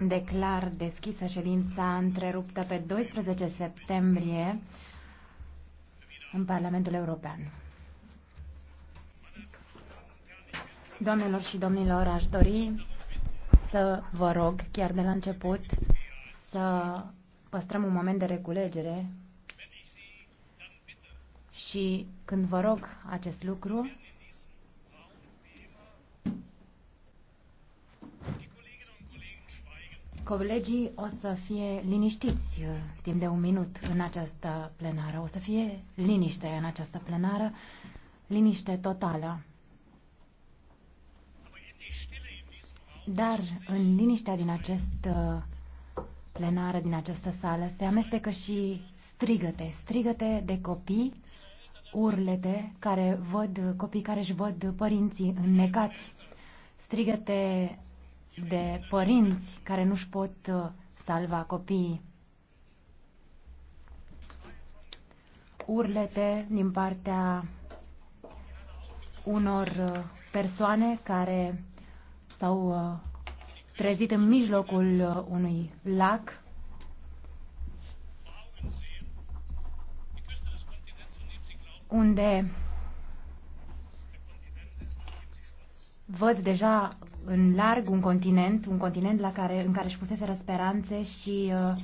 Declar deschisă ședința întreruptă pe 12 septembrie în Parlamentul European. Doamnelor și domnilor, aș dori să vă rog, chiar de la început, să păstrăm un moment de reculegere și când vă rog acest lucru, Colegii o să fie liniștiți uh, timp de un minut în această plenară. O să fie liniște în această plenară, liniște totală. Dar în liniștea din acest uh, plenară, din această sală, se amestecă și strigăte, strigăte de copii, urlete care văd copii care își văd părinții înnecați, strigăte de părinți care nu-și pot uh, salva copiii. Urlete din partea unor uh, persoane care s-au uh, trezit în mijlocul unui lac unde văd deja în larg un continent, un continent la care, în care își puseseră speranțe și uh,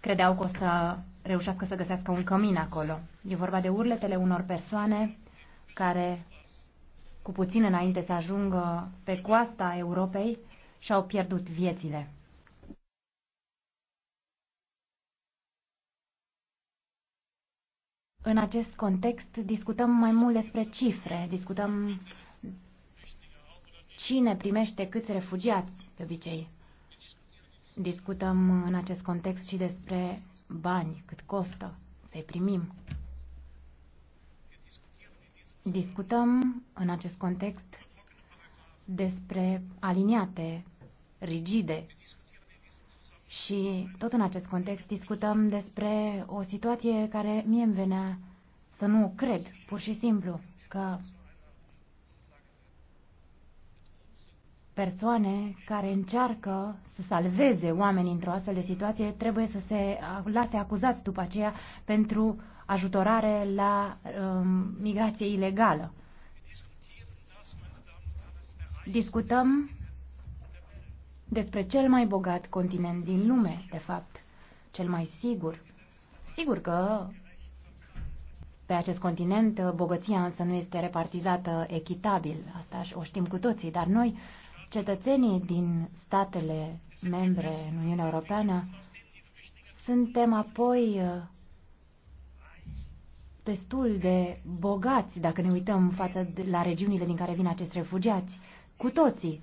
credeau că o să reușească să găsească un cămin acolo. E vorba de urletele unor persoane care, cu puțin înainte să ajungă pe coasta Europei, și-au pierdut viețile. În acest context discutăm mai mult despre cifre, discutăm cine primește câți refugiați, de obicei. Discutăm în acest context și despre bani, cât costă să-i primim. Discutăm în acest context despre aliniate, rigide. Și tot în acest context discutăm despre o situație care mie îmi venea să nu o cred, pur și simplu, că persoane care încearcă să salveze oamenii într-o astfel de situație trebuie să se lase acuzați după aceea pentru ajutorare la um, migrație ilegală. Discutăm despre cel mai bogat continent din lume, de fapt, cel mai sigur. Sigur că pe acest continent bogăția însă nu este repartizată echitabil, asta o știm cu toții, dar noi cetățenii din statele membre în Uniunea Europeană, suntem apoi uh, destul de bogați, dacă ne uităm față de la regiunile din care vin acești refugiați, cu toții.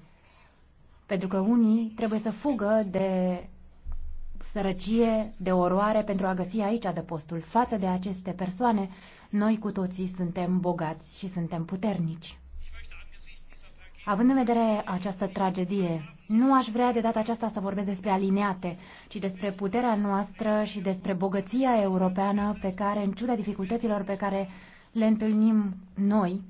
Pentru că unii trebuie să fugă de sărăcie, de oroare pentru a găsi aici adăpostul. Față de aceste persoane, noi cu toții suntem bogați și suntem puternici. Având în vedere această tragedie, nu aș vrea de data aceasta să vorbesc despre alineate, ci despre puterea noastră și despre bogăția europeană pe care, în ciuda dificultăților pe care le întâlnim noi,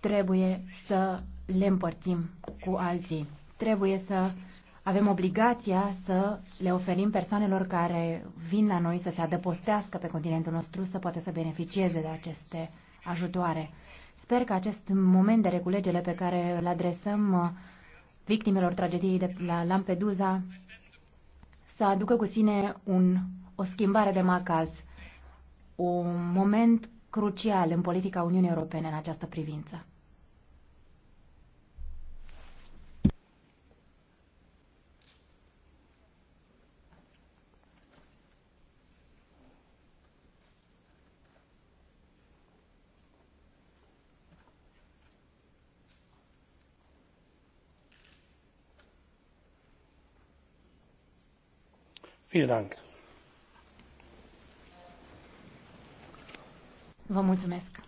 trebuie să le împărțim cu alții. Trebuie să avem obligația să le oferim persoanelor care vin la noi să se adăpostească pe continentul nostru, să poată să beneficieze de aceste ajutoare. Sper că acest moment de reculegere pe care îl adresăm uh, victimelor tragediei de la Lampedusa să aducă cu sine un, o schimbare de macaz, un moment crucial în politica Uniunii Europene în această privință. Vă mulțumesc.